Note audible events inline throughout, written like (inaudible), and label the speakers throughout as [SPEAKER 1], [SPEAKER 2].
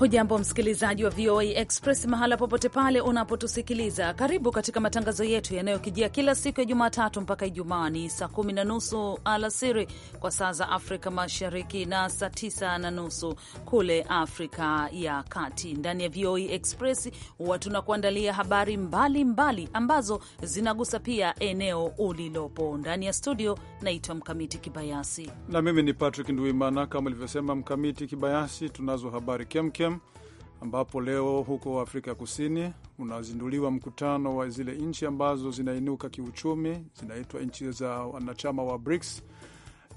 [SPEAKER 1] Hujambo msikilizaji wa VOA Express mahala popote pale unapotusikiliza, karibu katika matangazo yetu yanayokijia kila siku ya Jumatatu mpaka Ijumaa ni saa kumi na nusu alasiri kwa saa za Afrika Mashariki na saa tisa na nusu kule Afrika ya Kati. Ndani ya VOA Express huwa tunakuandalia habari mbalimbali mbali ambazo zinagusa pia eneo ulilopo. Ndani ya studio naitwa Mkamiti Kibayasi
[SPEAKER 2] na mimi ni Patrick Nduimana. Kama ilivyosema Mkamiti Kibayasi, tunazo habari kemkem ambapo leo huko Afrika Kusini unazinduliwa mkutano wa zile nchi ambazo zinainuka kiuchumi, zinaitwa nchi za wanachama wa BRICS.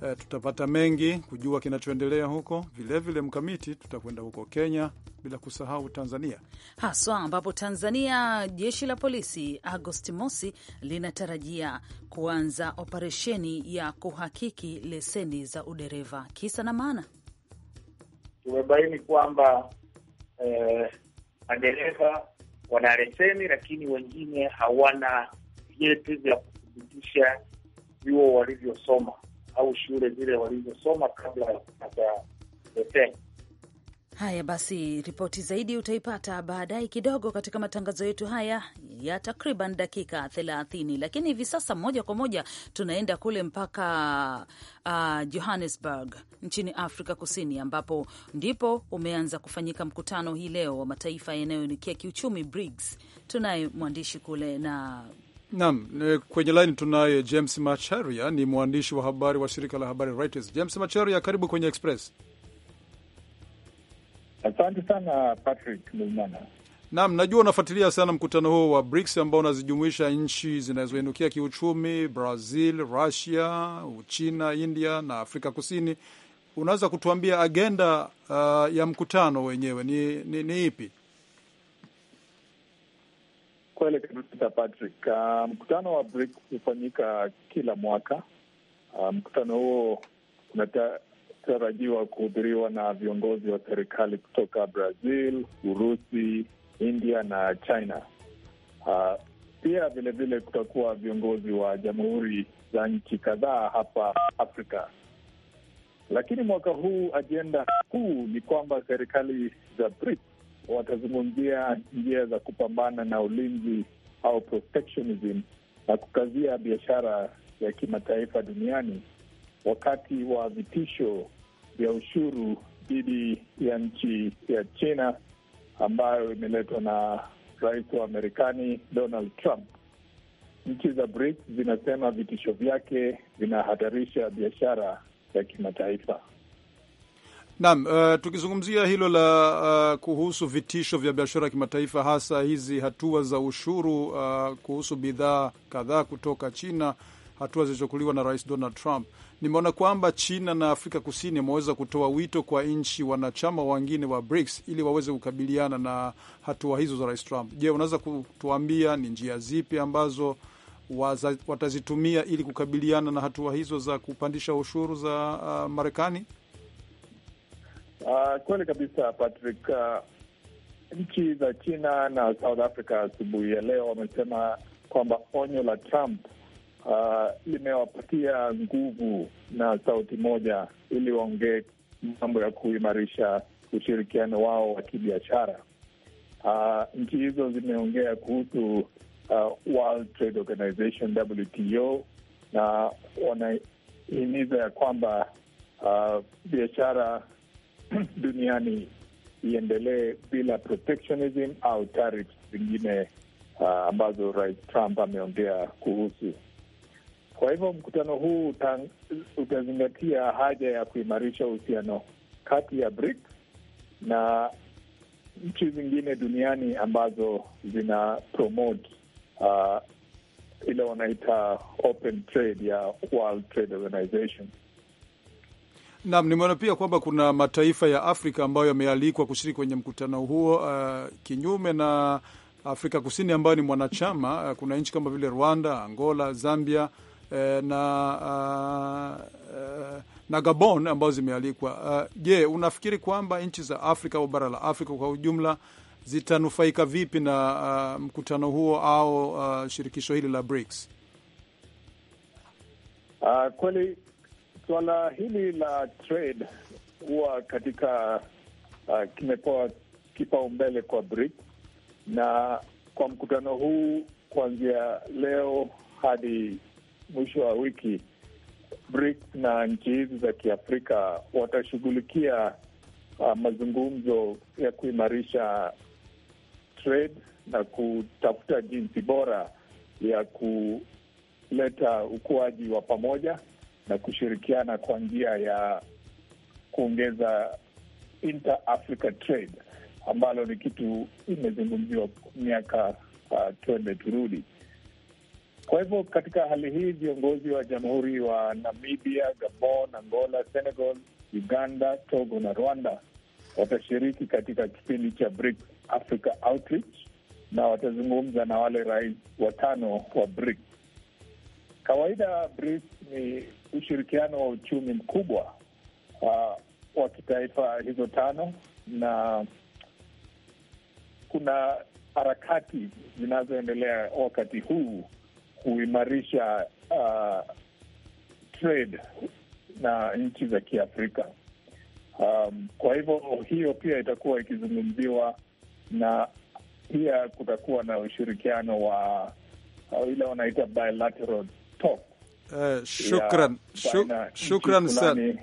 [SPEAKER 2] E, tutapata mengi kujua kinachoendelea huko vilevile. Vile mkamiti, tutakwenda huko Kenya, bila
[SPEAKER 1] kusahau Tanzania haswa, ambapo Tanzania jeshi la polisi Agosti mosi linatarajia kuanza operesheni ya kuhakiki leseni za udereva. Kisa na maana,
[SPEAKER 3] tumebaini kwamba eh, madereva wana leseni, lakini wengine hawana vyeti vya kuthibitisha vyuo walivyosoma au shule zile walizosoma kabla ya kupata leseni.
[SPEAKER 1] Haya basi, ripoti zaidi utaipata baadaye kidogo katika matangazo yetu haya ya takriban dakika thelathini, lakini hivi sasa moja kwa moja tunaenda kule mpaka uh, Johannesburg nchini Afrika Kusini, ambapo ndipo umeanza kufanyika mkutano hii leo wa mataifa yanayoelekea kiuchumi BRICS. Tunaye mwandishi kule na
[SPEAKER 2] nam e, kwenye laini tunaye James Macharia, ni mwandishi wa habari wa shirika la habari Reuters. James Macharia, karibu kwenye Express.
[SPEAKER 3] Asante sana
[SPEAKER 4] Patrick Mumana.
[SPEAKER 2] Naam, najua unafuatilia sana mkutano huo wa BRICS ambao unazijumuisha nchi zinazoinukia kiuchumi, Brazil, Russia, Uchina, India na Afrika Kusini. Unaweza kutuambia agenda uh, ya mkutano wenyewe ni, ni,
[SPEAKER 4] ni ipi? Kweli kabisa Patrick. Uh, mkutano wa BRICS hufanyika kila mwaka. Uh, mkutano huo tarajiwa kuhudhuriwa na viongozi wa serikali kutoka Brazil, Urusi, India na China. Uh, pia vilevile kutakuwa viongozi wa jamhuri za nchi kadhaa hapa Afrika. Lakini mwaka huu ajenda kuu ni kwamba serikali za BRICS watazungumzia njia za kupambana na ulinzi au protectionism na kukazia biashara ya kimataifa duniani wakati wa vitisho vya ushuru dhidi ya nchi ya China ambayo imeletwa na rais wa Marekani Donald Trump. Nchi za BRICS zinasema vitisho vyake vinahatarisha biashara ya kimataifa.
[SPEAKER 2] Naam, uh, tukizungumzia hilo la uh, kuhusu vitisho vya biashara ya kimataifa hasa hizi hatua za ushuru uh, kuhusu bidhaa kadhaa kutoka China, hatua zilizochukuliwa na Rais Donald Trump nimeona kwamba China na Afrika Kusini wameweza kutoa wito kwa nchi wanachama wengine wa BRICS ili waweze kukabiliana na hatua hizo za Rais Trump. Je, unaweza kutuambia ni njia zipi ambazo waza, watazitumia ili kukabiliana na hatua hizo za kupandisha ushuru za
[SPEAKER 4] uh, Marekani? Uh, kweli kabisa Patrick. Uh, nchi za China na South Africa asubuhi ya leo wamesema kwamba onyo la Trump uh, limewapatia nguvu na sauti moja ili waongee mambo ya kuimarisha ushirikiano wao wa kibiashara. Uh, nchi hizo zimeongea kuhusu uh, World Trade Organization WTO, na wanahimiza ya kwamba uh, biashara (clears throat) duniani iendelee bila protectionism au tariffs zingine uh, ambazo Rais Trump ameongea kuhusu. Kwa hivyo mkutano huu utazingatia haja ya kuimarisha uhusiano kati ya BRICS na nchi zingine duniani ambazo zina promote uh, ile wanaita open trade ya World Trade Organization.
[SPEAKER 2] Naam, nimeona pia kwamba kuna mataifa ya Afrika ambayo yamealikwa kushiriki kwenye mkutano huo, uh, kinyume na Afrika Kusini ambayo ni mwanachama. Uh, kuna nchi kama vile Rwanda, Angola, Zambia Eh, na uh, na Gabon ambazo zimealikwa. Je, uh, unafikiri kwamba nchi za Afrika au bara la Afrika kwa ujumla zitanufaika vipi na uh, mkutano huo au uh, shirikisho hili la BRICS?
[SPEAKER 4] Uh, kweli suala hili la trade huwa katika uh, kimepewa kipaumbele kwa BRICS na kwa mkutano huu kuanzia leo hadi mwisho wa wiki BRICS na nchi hizi za Kiafrika watashughulikia uh, mazungumzo ya kuimarisha trade na kutafuta jinsi bora ya kuleta ukuaji wa pamoja na kushirikiana kwa njia ya kuongeza inter-Africa trade ambalo ni kitu imezungumziwa miaka uh, twende turudi. Kwa hivyo katika hali hii viongozi wa jamhuri wa Namibia, Gabon, Angola, Senegal, Uganda, Togo na Rwanda watashiriki katika kipindi cha BRICS Africa Outreach na watazungumza na wale rais watano wa BRICS. Kawaida BRICS ni ushirikiano wa uchumi mkubwa uh, wa kitaifa hizo tano, na kuna harakati zinazoendelea wakati huu kuimarisha uh, trade na nchi za Kiafrika. Um, kwa hivyo hiyo pia itakuwa ikizungumziwa na pia kutakuwa na ushirikiano wa uh, ile wanaita bilateral talk.
[SPEAKER 2] Uh, shukran, ya, shukran sana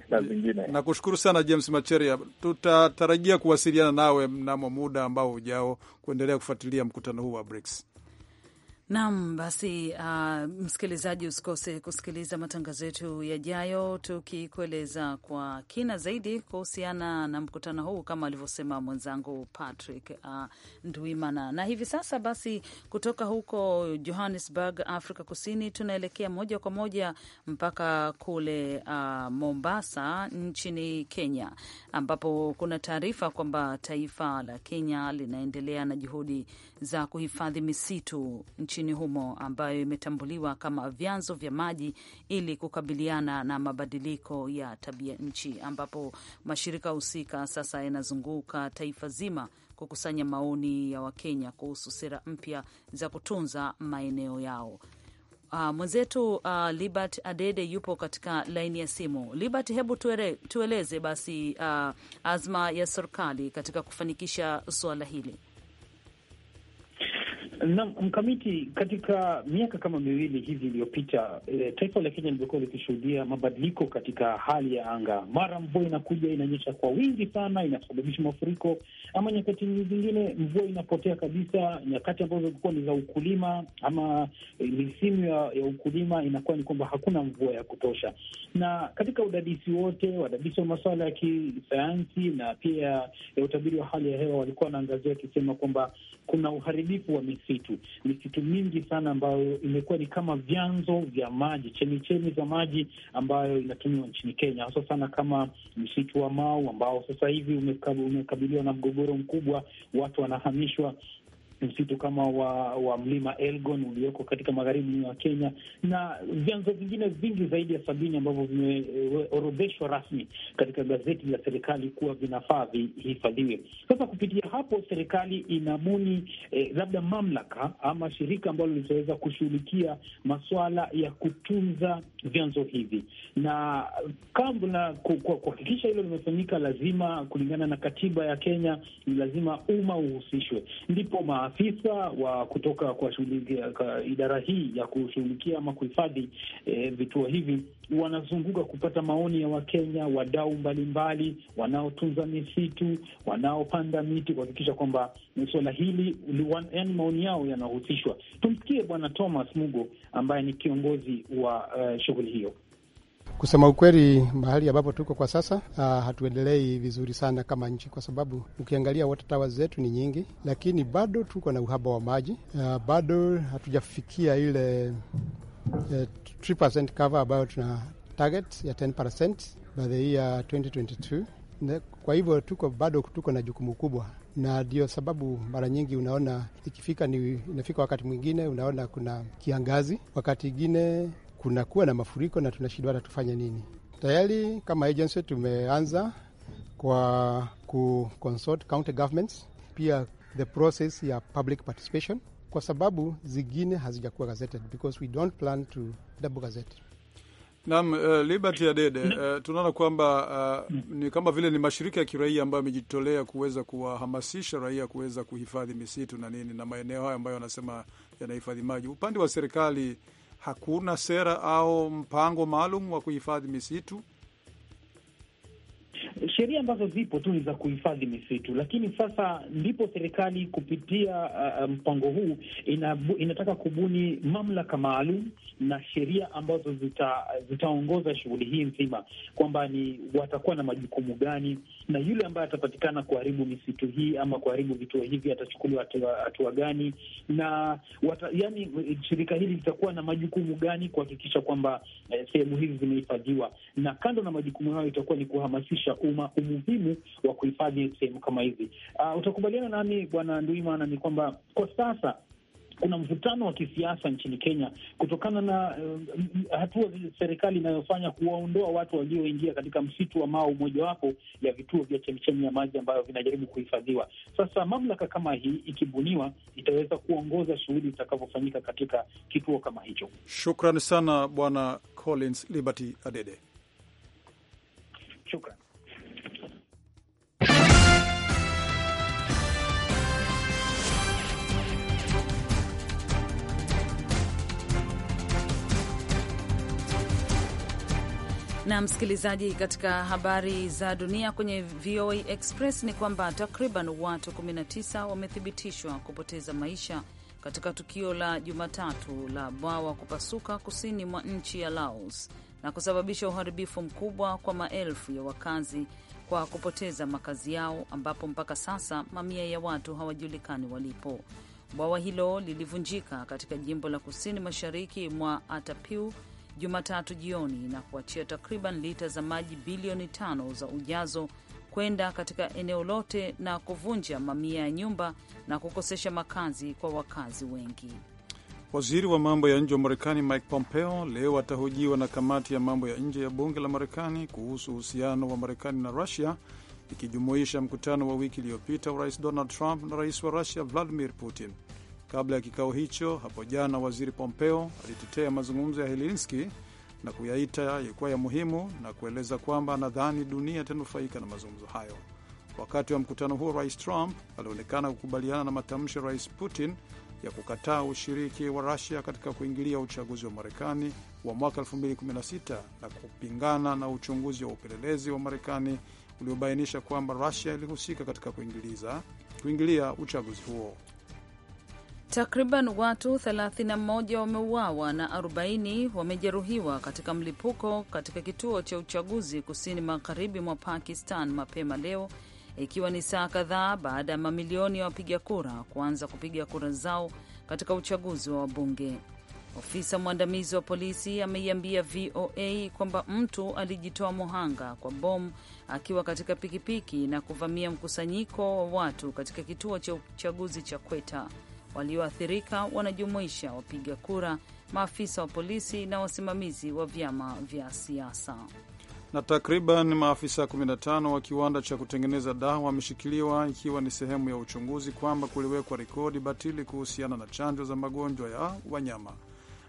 [SPEAKER 2] na kushukuru sana James Macheria. Tutatarajia kuwasiliana nawe mnamo muda ambao ujao kuendelea kufuatilia mkutano huu wa BRICS.
[SPEAKER 1] Naam, basi uh, msikilizaji usikose kusikiliza matangazo yetu yajayo, tukikueleza kwa kina zaidi kuhusiana na mkutano huu kama alivyosema mwenzangu Patrick uh, Ndwimana. Na hivi sasa basi, kutoka huko Johannesburg, Afrika Kusini, tunaelekea moja kwa moja mpaka kule uh, Mombasa nchini Kenya, ambapo kuna taarifa kwamba taifa la Kenya linaendelea na juhudi za kuhifadhi misitu nchini nchini humo ambayo imetambuliwa kama vyanzo vya maji ili kukabiliana na mabadiliko ya tabia nchi, ambapo mashirika husika sasa yanazunguka taifa zima kukusanya maoni ya Wakenya kuhusu sera mpya za kutunza maeneo yao. Uh, mwenzetu uh, Libert Adede yupo katika laini ya simu. Libert, hebu tuere, tueleze basi uh, azma ya serikali katika kufanikisha suala hili
[SPEAKER 3] na mkamiti, katika miaka kama miwili hivi iliyopita, e, taifa la Kenya limekuwa likishuhudia mabadiliko katika hali ya anga. Mara mvua inakuja inanyesha kwa wingi sana, inasababisha mafuriko, ama nyakati zingine mvua inapotea kabisa. Nyakati ambazo zilikuwa ni za ukulima ama eh, misimu ya, ya ukulima, inakuwa ni kwamba hakuna mvua ya kutosha. Na katika udadisi wote, wadadisi wa masuala ya kisayansi na pia ya eh, utabiri wa hali ya hewa walikuwa wanaangazia wakisema kwamba kuna uharibifu wa misimu misitu, misitu mingi sana ambayo imekuwa ni kama vyanzo vya maji, chemichemi za maji ambayo inatumiwa nchini Kenya, hasa sana kama msitu wa Mau ambao sasa hivi umekabiliwa na mgogoro mkubwa, watu wanahamishwa msitu kama wa wa mlima Elgon ulioko katika magharibi wa Kenya na vyanzo vingine vingi zaidi ya sabini ambavyo vimeorodheshwa rasmi katika gazeti la serikali kuwa vinafaa vihifadhiwe. Sasa kupitia hapo, serikali inabuni eh, labda mamlaka ama shirika ambalo litaweza kushughulikia masuala ya kutunza vyanzo hivi, na kabla kuhakikisha hilo limefanyika, lazima kulingana na katiba ya Kenya ni lazima umma uhusishwe, ndipo ma maafisa wa kutoka kwa idara hii ya kushughulikia ama kuhifadhi e, vituo hivi wanazunguka kupata maoni ya Wakenya, wadau mbalimbali, wanaotunza misitu, wanaopanda miti, kuhakikisha kwamba suala hili, yaani maoni yao yanahusishwa. Tumsikie Bwana Thomas Mugo ambaye ni kiongozi wa uh, shughuli hiyo.
[SPEAKER 2] Kusema ukweli, mahali ambapo tuko kwa sasa uh, hatuendelei vizuri sana kama nchi, kwa sababu ukiangalia water towers zetu ni nyingi, lakini bado tuko na uhaba wa maji uh, bado hatujafikia ile uh, eh, 3% cover ambayo tuna target ya 10% by the year 2022. Kwa hivyo tuko bado tuko na jukumu kubwa, na ndio sababu mara nyingi unaona ikifika ni inafika wakati mwingine unaona kuna kiangazi, wakati ingine kunakuwa na mafuriko na tunashindwa hata tufanye nini. Tayari kama agency tumeanza kwa ku consult county governments, pia the process ya public participation, kwa sababu zingine hazijakuwa gazetted because we don't plan to double gazette. Naam, uh, Liberty ya Dede, uh, eh, tunaona kwamba uh, ni kama vile ni mashirika ya kiraia ambayo yamejitolea kuweza kuwahamasisha raia kuweza kuhifadhi misitu na nini na maeneo hayo ambayo wanasema yanahifadhi maji. Upande wa serikali hakuna sera au mpango maalum wa kuhifadhi misitu?
[SPEAKER 3] Sheria ambazo zipo tu ni za kuhifadhi misitu, lakini sasa ndipo serikali kupitia uh, uh mpango huu inabu, inataka kubuni mamlaka maalum na sheria ambazo zitaongoza zita shughuli hii nzima, kwamba ni watakuwa na majukumu gani na yule ambaye atapatikana kuharibu misitu hii ama kuharibu vituo hivi atachukuliwa hatua gani, na wata, yani shirika hili litakuwa na majukumu gani kuhakikisha kwamba eh, sehemu hizi zimehifadhiwa, na kando na majukumu hayo itakuwa ni kuhamasisha umma umuhimu wa kuhifadhi sehemu kama hizi. Uh, utakubaliana nami Bwana Nduimana ni kwamba kwa sasa kuna mvutano wa kisiasa nchini Kenya kutokana na uh, hatua serikali inayofanya kuwaondoa watu walioingia katika msitu wa Mau, mojawapo ya vituo vya chemichemi ya maji ambayo vinajaribu kuhifadhiwa. Sasa mamlaka kama hii ikibuniwa, itaweza kuongoza shughuli zitakavyofanyika katika kituo kama hicho.
[SPEAKER 2] Shukrani sana Bwana Collins Liberty Adede.
[SPEAKER 1] msikilizaji, katika habari za dunia kwenye VOA Express ni kwamba takriban watu 19 wamethibitishwa kupoteza maisha katika tukio la Jumatatu la bwawa kupasuka kusini mwa nchi ya Laos na kusababisha uharibifu mkubwa kwa maelfu ya wakazi kwa kupoteza makazi yao, ambapo mpaka sasa mamia ya watu hawajulikani walipo. Bwawa hilo lilivunjika katika jimbo la kusini mashariki mwa Atapiu Jumatatu jioni na kuachia takriban lita za maji bilioni tano za ujazo kwenda katika eneo lote na kuvunja mamia ya nyumba na kukosesha makazi kwa wakazi wengi.
[SPEAKER 2] Waziri wa mambo ya nje wa Marekani Mike Pompeo leo atahojiwa na kamati ya mambo ya nje ya bunge la Marekani kuhusu uhusiano wa Marekani na Rusia, ikijumuisha mkutano wa wiki iliyopita wa rais Donald Trump na rais wa Rusia Vladimir Putin. Kabla ya kikao hicho hapo jana, waziri Pompeo alitetea mazungumzo ya Helsinki na kuyaita yalikuwa ya muhimu na kueleza kwamba nadhani dunia itanufaika na mazungumzo hayo. Wakati wa mkutano huo, rais Trump alionekana kukubaliana na matamshi ya rais Putin ya kukataa ushiriki wa Rusia katika kuingilia uchaguzi wa Marekani wa mwaka 2016 na kupingana na uchunguzi wa upelelezi wa Marekani uliobainisha kwamba Rusia ilihusika katika kuingiliza kuingilia uchaguzi huo.
[SPEAKER 1] Takriban watu 31 wameuawa na 40 wamejeruhiwa katika mlipuko katika kituo cha uchaguzi kusini magharibi mwa Pakistan mapema leo, ikiwa ni saa kadhaa baada ya mamilioni ya wapiga kura kuanza kupiga kura zao katika uchaguzi wa wabunge. Ofisa mwandamizi wa polisi ameiambia VOA kwamba mtu alijitoa muhanga kwa bomu akiwa katika pikipiki na kuvamia mkusanyiko wa watu katika kituo cha uchaguzi cha Kweta. Walioathirika wanajumuisha wapiga kura, maafisa wa polisi na wasimamizi wa vyama vya siasa.
[SPEAKER 2] Na takriban maafisa 15 wa kiwanda cha kutengeneza dawa wameshikiliwa ikiwa ni sehemu ya uchunguzi kwamba kuliwekwa rekodi batili kuhusiana na chanjo za magonjwa ya wanyama.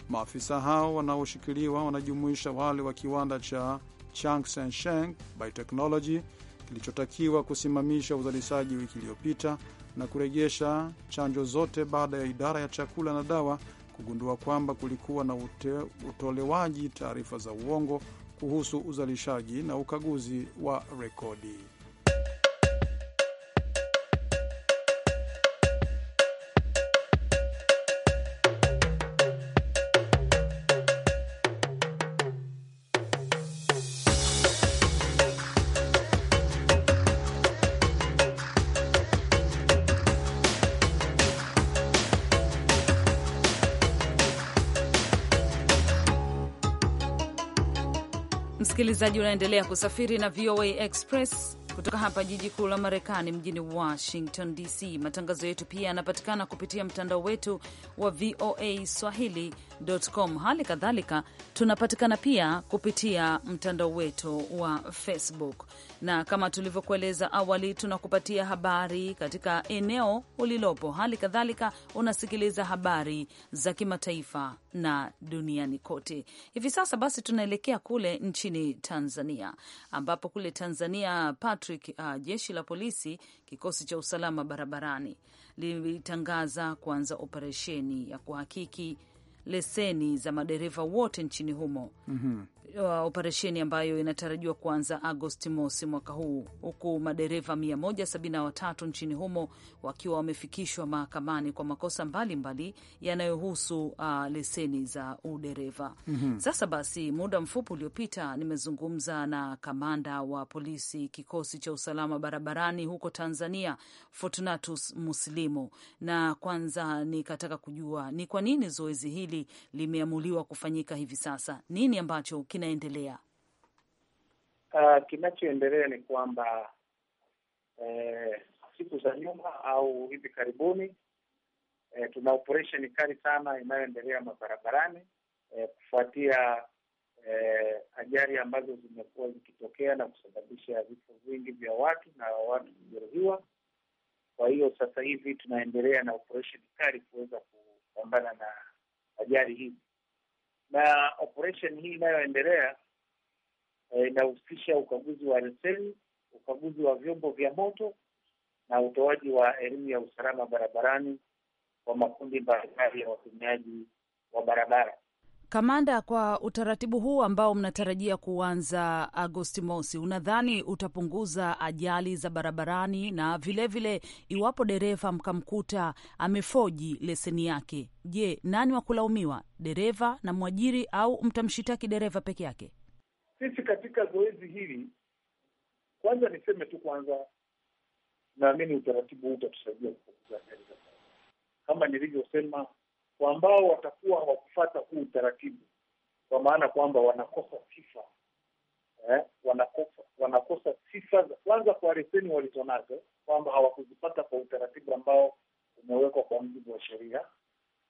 [SPEAKER 2] Maafisa hao wanaoshikiliwa wanajumuisha wale wa kiwanda cha Changsheng Biotechnology kilichotakiwa kusimamisha uzalishaji wiki iliyopita na kurejesha chanjo zote baada ya idara ya chakula na dawa kugundua kwamba kulikuwa na ute, utolewaji taarifa za uongo kuhusu uzalishaji na ukaguzi wa rekodi.
[SPEAKER 1] Msikilizaji unaendelea kusafiri na VOA Express kutoka hapa jiji kuu la Marekani, mjini Washington DC. Matangazo yetu pia yanapatikana kupitia mtandao wetu wa VOA Swahili facebook.com. Hali kadhalika tunapatikana pia kupitia mtandao wetu wa Facebook, na kama tulivyokueleza awali, tunakupatia habari katika eneo ulilopo. Hali kadhalika unasikiliza habari za kimataifa na duniani kote. Hivi sasa basi, tunaelekea kule nchini Tanzania, ambapo kule Tanzania, Patrick, uh, jeshi la polisi, kikosi cha usalama barabarani lilitangaza kuanza operesheni ya kuhakiki leseni za madereva wote nchini humo. mm -hmm wa uh, operesheni ambayo inatarajiwa kuanza Agosti mosi mwaka huu, huku madereva 173 nchini humo wakiwa wamefikishwa mahakamani kwa makosa mbalimbali yanayohusu uh, leseni za udereva. mm -hmm. Sasa basi, muda mfupi uliopita nimezungumza na kamanda wa polisi kikosi cha usalama barabarani huko Tanzania, Fortunatus Muslimo, na kwanza nikataka kujua ni kwa nini zoezi hili limeamuliwa kufanyika hivi sasa, nini ambacho kina kinaendelea?
[SPEAKER 3] Uh, kinachoendelea ni kwamba eh, siku za nyuma au hivi karibuni eh, tuna operesheni kali sana inayoendelea mabarabarani eh, kufuatia eh, ajali ambazo zimekuwa zikitokea na kusababisha vifo vingi vya watu na watu kujeruhiwa. Kwa hiyo sasa hivi tunaendelea na operesheni kali kuweza kupambana na ajali hizi na operation hii inayoendelea eh, inahusisha ukaguzi wa leseni, ukaguzi wa vyombo vya moto na utoaji wa elimu ya usalama barabarani kwa makundi mbalimbali ya watumiaji wa barabara.
[SPEAKER 1] Kamanda, kwa utaratibu huu ambao mnatarajia kuanza Agosti mosi, unadhani utapunguza ajali za barabarani? Na vilevile vile, iwapo dereva mkamkuta amefoji leseni yake, je, nani wa kulaumiwa? Dereva na mwajiri, au mtamshitaki dereva peke yake?
[SPEAKER 4] Sisi katika zoezi hili,
[SPEAKER 3] kwanza niseme tu, kwanza naamini utaratibu huu utatusaidia kupunguza ajali za kama nilivyosema ambao watakuwa hawakufata huu utaratibu, kwa maana kwamba wanakosa sifa eh, wanakosa wanakosa sifa za kwanza kwa leseni walizonazo, kwamba hawakuzipata kwa utaratibu ambao umewekwa kwa mujibu wa sheria,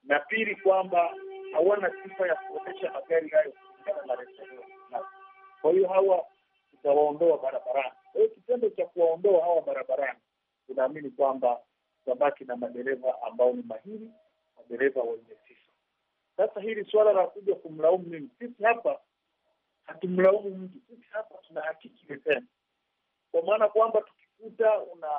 [SPEAKER 3] na pili kwamba hawana sifa ya kuonyesha magari hayo kulingana na leseni Kwa hiyo hawa tutawaondoa barabarani. Kwa hiyo kitendo cha kuwaondoa hawa barabarani, tunaamini kwamba tutabaki na madereva ambao ni mahiri madereva wenye sifa. Sasa hili suala la kuja kumlaumu mimi, sisi hapa hatumlaumu mtu, sisi hapa tuna hakiki leseni, kwa maana kwamba tukikuta una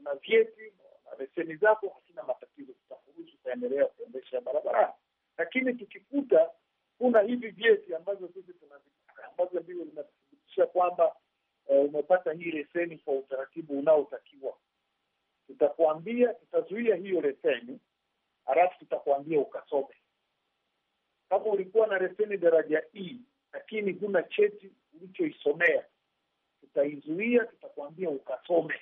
[SPEAKER 3] una vyeti na leseni zako, hakuna matatizo, tutakuruhusu utaendelea kuendesha barabarani, lakini tukikuta kuna hivi vyeti ambazo sisi tunazitaka ambazo ndivyo zinathibitisha kwamba eh, umepata hii leseni kwa utaratibu unaotakiwa, tutakuambia tutazuia hiyo leseni halafu tutakuambia ukasome. Kama ulikuwa na leseni daraja E lakini huna cheti ulichoisomea, tutaizuia, tutakuambia ukasome.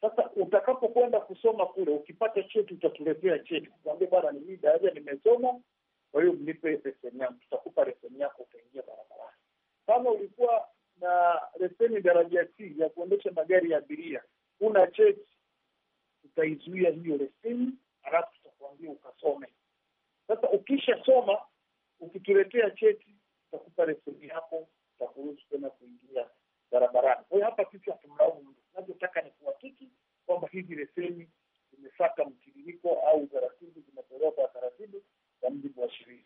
[SPEAKER 3] Sasa utakapokwenda kusoma kule, ukipata cheti utatuletea cheti, kuambia bwana, ni hii daraja nimesoma, kwa hiyo mlipe leseni yangu, tutakupa leseni yako, utaingia barabarani. Kama ulikuwa na leseni daraja C ya kuendesha magari ya abiria, huna cheti, tutaizuia hiyo leseni halafu ukaambia ukasome. Sasa ukishasoma, ukituletea cheti, utakupa leseni yako, utakuruhusu tena kuingia barabarani. Kwa hiyo hapa sisi hatumlaumu mtu, tunachotaka ni kuhakiki kwamba hizi leseni zimefata mtiririko au taratibu, zimetolewa kwa taratibu za mjibu wa sheria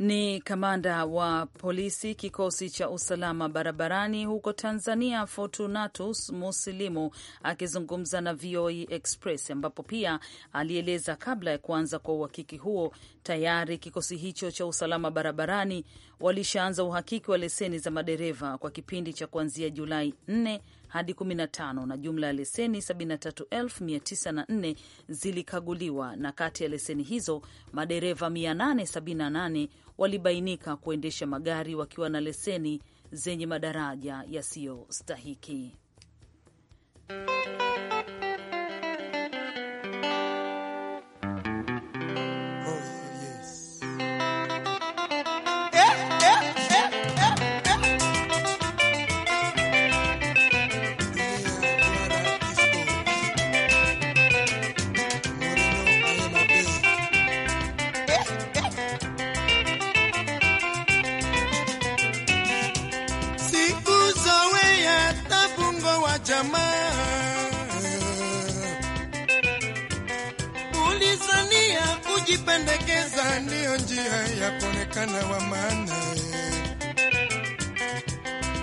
[SPEAKER 1] ni kamanda wa polisi kikosi cha usalama barabarani huko Tanzania, Fortunatus Musilimu akizungumza na VOA e Express, ambapo pia alieleza kabla ya kuanza kwa uhakiki huo tayari kikosi hicho cha usalama barabarani walishaanza uhakiki wa leseni za madereva kwa kipindi cha kuanzia Julai 4 hadi 15 na jumla ya leseni 73904 zilikaguliwa, na kati ya leseni hizo madereva 878 walibainika kuendesha magari wakiwa na leseni zenye madaraja yasiyostahiki.
[SPEAKER 5] kana wa maana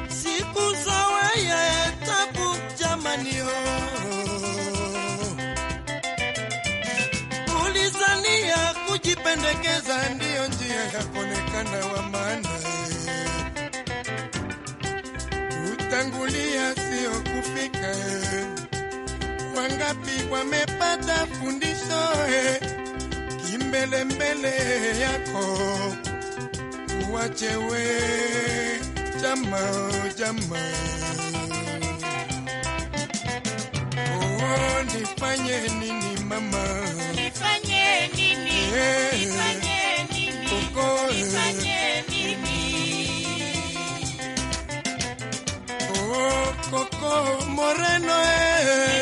[SPEAKER 5] siku za weye tabu jamani ho ulizania kujipendekeza ndiyo njia ya konekana wa maana utangulia sio kufika wangapi wamepata fundisho kimbelembele yako wachewe jama jama oh nifanye nini mama nifanye nini nifanye nini Koko, nifanye nini oh coco moreno eh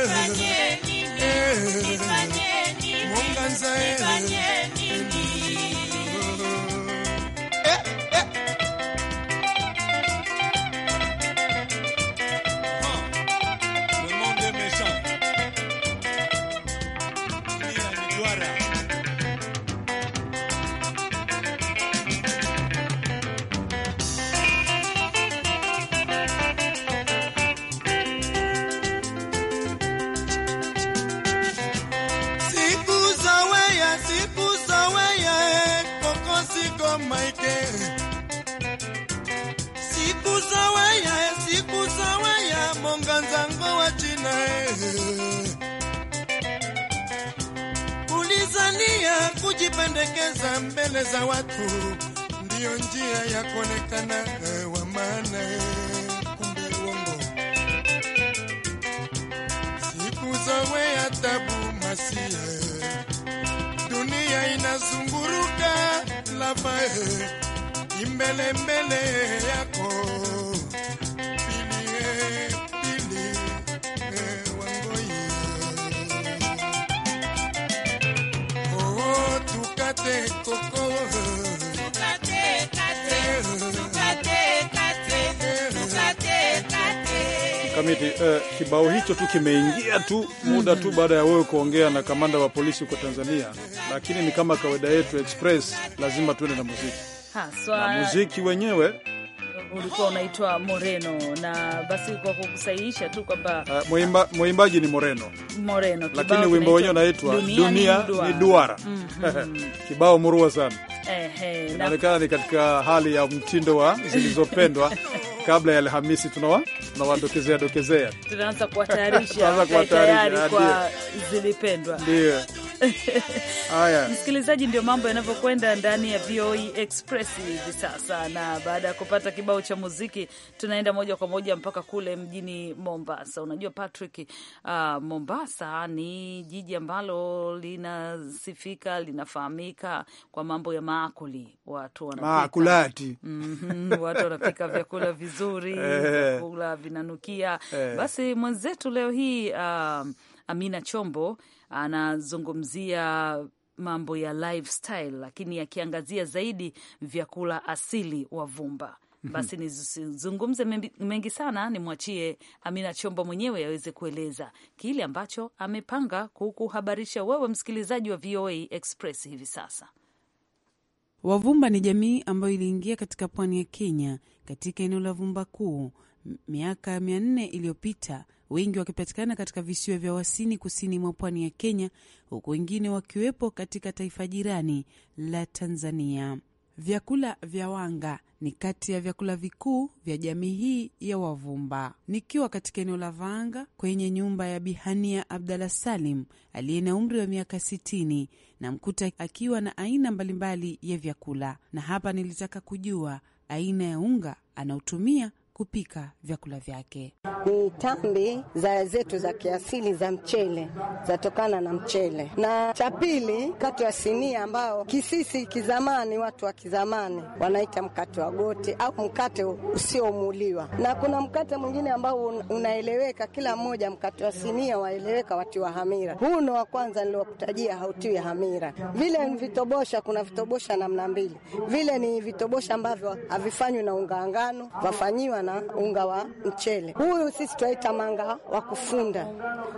[SPEAKER 5] siko maike siku zawaya siku zawaya monga nzango wa china kulizania e. kujipendekeza mbele za watu ndiyo njia ya kuonekana e, wa maana e. kumbe uongo siku zawaya tabu masia dunia inazunguruka lava eh, imbelembele yakho pili eh, pili eh, wangoyi oh, oh tukate kokoo
[SPEAKER 2] Kamiti, uh, kibao hicho tu kimeingia tu muda tu mhm. baada ya wewe kuongea na kamanda wa polisi huko Tanzania, lakini ni kama kawaida yetu Express, lazima tuende na muziki
[SPEAKER 1] haswa. Na
[SPEAKER 2] muziki wenyewe
[SPEAKER 1] ulikuwa unaitwa Moreno, na basi kwa kukusahihisha tu kwamba
[SPEAKER 2] eh, mwimbaji ni Moreno
[SPEAKER 1] Moreno, lakini wimbo wenyewe unaitwa dunia
[SPEAKER 2] ni duara. mm -hmm. (laughs) kibao murua sana inaonekana eh, ni katika hali ya mtindo wa zilizopendwa (laughs) kabla ya Alhamisi tunawadokezea dokezea,
[SPEAKER 1] tunaanza kuwatayarisha tayari kwa zilipendwa.
[SPEAKER 2] Ndio (laughs) haya,
[SPEAKER 1] msikilizaji, ndio mambo yanavyokwenda ndani ya VOA e Express hivi sasa, na baada ya kupata kibao cha muziki tunaenda moja kwa moja mpaka kule mjini Mombasa. Unajua Patrick, uh, Mombasa ni jiji ambalo linasifika linafahamika kwa mambo ya maakuli, watu wanapika, maakulati. Mm -hmm, watu wanapika vyakula vizuri (laughs) vizuri, eh. vyakula vinanukia. Eh. Basi mwenzetu leo hii uh, Amina Chombo anazungumzia mambo ya lifestyle, lakini akiangazia zaidi vyakula asili wavumba. Mhm. Basi nizungumze mengi sana, nimwachie Amina Chombo mwenyewe aweze kueleza kile ambacho amepanga kukuhabarisha wewe msikilizaji wa VOA Express hivi sasa.
[SPEAKER 6] Wavumba ni jamii ambayo iliingia katika pwani ya Kenya katika eneo la Vumba Kuu miaka mia nne iliyopita, wengi wakipatikana katika visiwa vya Wasini kusini mwa pwani ya Kenya, huku wengine wakiwepo katika taifa jirani la Tanzania. Vyakula vya wanga ni kati ya vyakula vikuu vya jamii hii ya Wavumba. Nikiwa katika eneo la Vanga kwenye nyumba ya Bihania Abdalla Salim aliye na umri wa miaka sitini, namkuta akiwa na aina mbalimbali ya vyakula, na hapa nilitaka kujua aina ya unga anaotumia kupika vyakula vyake.
[SPEAKER 7] Ni tambi za zetu za kiasili za mchele, zatokana na mchele. Na cha pili, mkate wa sinia ambao kisisi kizamani, watu wa kizamani wanaita mkate wa goti au mkate usiomuliwa. Na kuna mkate mwingine ambao unaeleweka kila mmoja, mkate wa sinia waeleweka watiwa hamira. Huu ndo wa kwanza niliwakutajia, hautiwi hamira. Vile vitobosha, kuna vitobosha namna mbili. Vile ni vitobosha ambavyo havifanywi na unga ngano, vafanyiwa na unga wa mchele. Huyu sisi tunaita manga wa kufunda.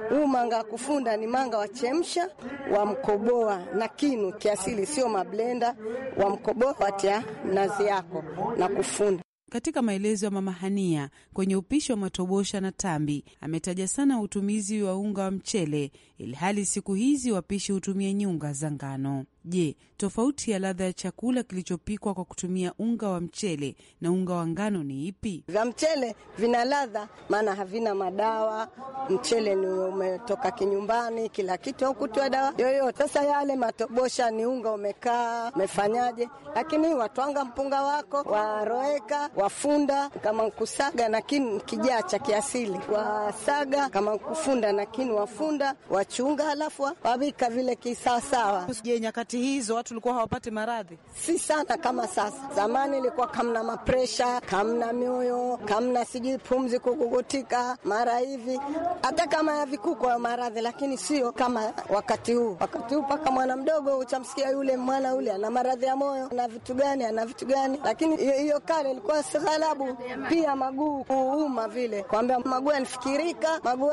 [SPEAKER 7] Huu manga wa kufunda ni manga wa chemsha wa mkoboa na kinu kiasili, sio mablenda, wa mkoboa watia nazi yako na kufunda.
[SPEAKER 6] Katika maelezo ya Mama Hania kwenye upishi wa matobosha na tambi, ametaja sana utumizi wa unga wa mchele, ilhali siku hizi wapishi hutumia nyunga za ngano. Je, tofauti ya ladha ya chakula kilichopikwa kwa kutumia unga wa mchele na unga wa ngano ni ipi? Vya mchele
[SPEAKER 7] vina ladha, maana havina madawa. Mchele ni umetoka kinyumbani, kila kitu haukutiwa dawa yoyote. Sasa yale matobosha ni unga umekaa umefanyaje, lakini watwanga mpunga wako waroeka, wafunda kama nkusaga, lakini kijaa cha kiasili wasaga kama nkufunda, lakini wafunda wachunga, halafu wawika vile kisawasawa. Je, nyakati enzi hizo watu walikuwa hawapati maradhi, si sana kama sasa. Zamani ilikuwa kamna mapresha, kamna mioyo, kamna sijui pumzi kugugutika mara hivi, hata kama ya ya maradhi, lakini sio kama wakati huu. Wakati huu mpaka mwana mdogo uchamsikia yule mwana ule ana maradhi ya moyo, ana vitu gani, ana vitu gani. Lakini hiyo kale ilikuwa sighalabu, pia maguu kuuma vile, kwambia maguu yanifikirika, maguu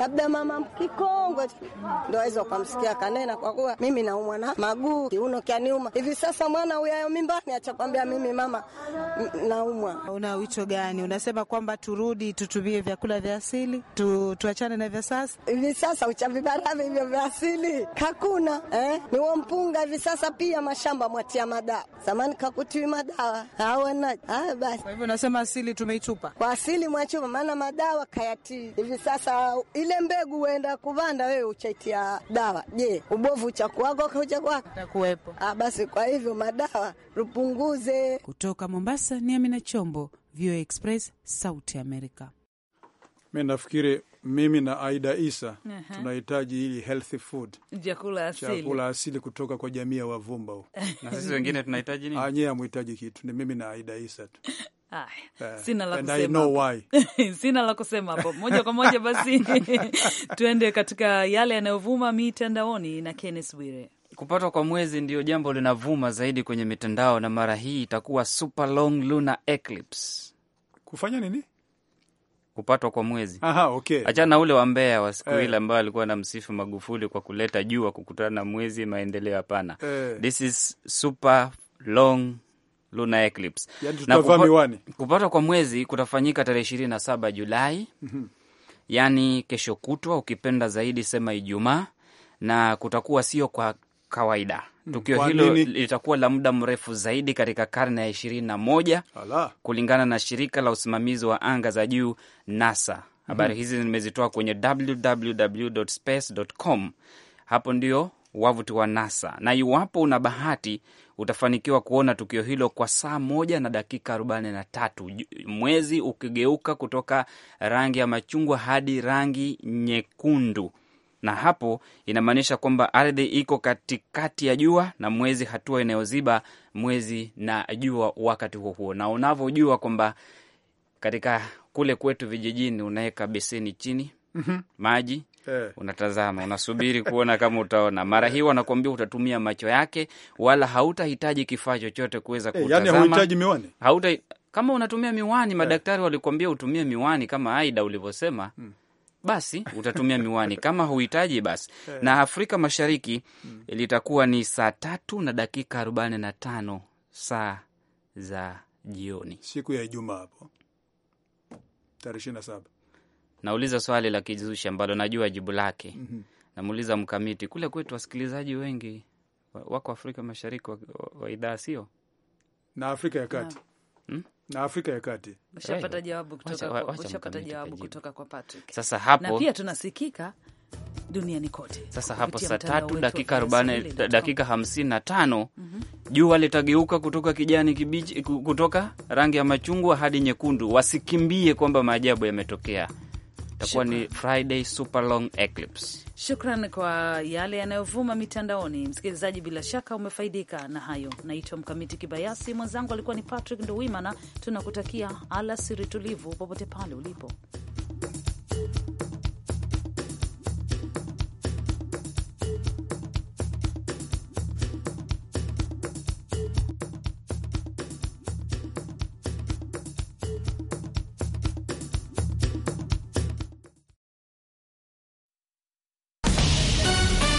[SPEAKER 7] labda mama kikongwe ndo aweza ukamsikia kanena, kwa kuwa mimi naumwa na maguu, kiuno kyaniuma. Hivi sasa mwana uyayo mimbani achakwambia mimi mama naumwa. Una wito gani? Unasema kwamba turudi tutumie vyakula vya asili tu, tuachane na vya sasa. Hivi sasa uchavi baravi hivyo vya asili hakuna eh? Ni mpunga hivi sasa, pia mashamba mwatia madawa, zamani kakutiwi madawa hawana. Haya ah, basi, kwa
[SPEAKER 6] hivyo nasema asili tumeitupa,
[SPEAKER 7] kwa asili mwachuma, maana madawa kayatii hivi sasa. Ile mbegu uenda kuvanda wewe uchaitia dawa, je ubovu uchakuago kuja kwako takuwepo. Ah, basi kwa hivyo madawa tupunguze. Kutoka
[SPEAKER 6] Mombasa ni Amina Chombo, VOA Express, Sauti America.
[SPEAKER 2] Mi nafikiri mimi na Aida Isa uh -huh. tunahitaji hili healthy food,
[SPEAKER 1] chakula asili, chakula
[SPEAKER 2] asili kutoka kwa jamii ya Wavumba. Na sisi wengine tunahitaji nini? Anyewe amhitaji kitu, ni mimi na Aida Isa tu. Ah, sina la kusema
[SPEAKER 1] sina la kusema hapo. Moja kwa moja basi tuende katika yale yanayovuma mitandaoni na Kenneth Bwire
[SPEAKER 8] kupatwa kwa mwezi ndio jambo linavuma zaidi kwenye mitandao, na mara hii itakuwa super long lunar eclipse. Kufanya nini? kupatwa kwa mwezi. Aha, okay. Achana ule wa Mbeya wa siku eh. ile ambayo alikuwa na msifu Magufuli kwa kuleta jua kukutana na mwezi, maendeleo hapana. Eh. This is super long lunar eclipse. kupa, kupatwa kwa mwezi kutafanyika tarehe ishirini na saba Julai mm -hmm. kesho kutwa, ukipenda zaidi sema Ijumaa, na kutakuwa sio kwa kawaida. Hmm. Tukio hilo litakuwa la muda mrefu zaidi katika karne ya ishirini na moja kulingana na shirika la usimamizi wa anga za juu NASA. Habari -hmm. hizi nimezitoa kwenye www.space.com. Hapo ndio wavuti wa NASA, na iwapo una bahati utafanikiwa kuona tukio hilo kwa saa moja na dakika arobaini na tatu, mwezi ukigeuka kutoka rangi ya machungwa hadi rangi nyekundu na hapo inamaanisha kwamba ardhi iko katikati ya jua na mwezi, hatua inayoziba mwezi na jua wakati huo huo, na unavyojua kwamba katika kule kwetu vijijini unaweka beseni chini mm -hmm. maji eh. Unatazama, unasubiri (laughs) kuona kama utaona. Mara hii wanakuambia utatumia macho yake, wala hautahitaji kifaa chochote kuweza eh, kutazama. Yani hauhitaji miwani, hauta kama unatumia miwani, eh. madaktari walikuambia utumie miwani kama aida ulivyosema hmm basi utatumia miwani, kama huhitaji basi. Na Afrika Mashariki hmm. litakuwa ni saa tatu na dakika arobaini na tano saa za jioni
[SPEAKER 2] siku ya Ijumaa hapo tarehe ishirini na
[SPEAKER 8] saba. Nauliza swali la kizushi ambalo najua jibu lake. mm -hmm. Namuuliza Mkamiti, kule kwetu wasikilizaji wengi wako Afrika Mashariki wa, wa idhaa sio na Afrika ya Kati hmm? na Afrika ya Kati. Ushapata jawabu kutoka, ushapata
[SPEAKER 1] jawabu kutoka kwa Patrick. Sasa hapo, na pia tunasikika duniani kote. Sasa hapo saa tatu dakika arobaini
[SPEAKER 8] dakika hamsini na tano mm -hmm. Jua litageuka kutoka kijani kibichi, kutoka rangi ya machungwa hadi nyekundu. Wasikimbie kwamba maajabu yametokea. Itakuwa ni Friday super long eclipse.
[SPEAKER 1] Shukran kwa yale yanayovuma mitandaoni. Msikilizaji, bila shaka umefaidika na hayo. Naitwa Mkamiti Kibayasi, mwenzangu alikuwa ni Patrick Nduwimana. Tunakutakia alasiri tulivu popote pale ulipo.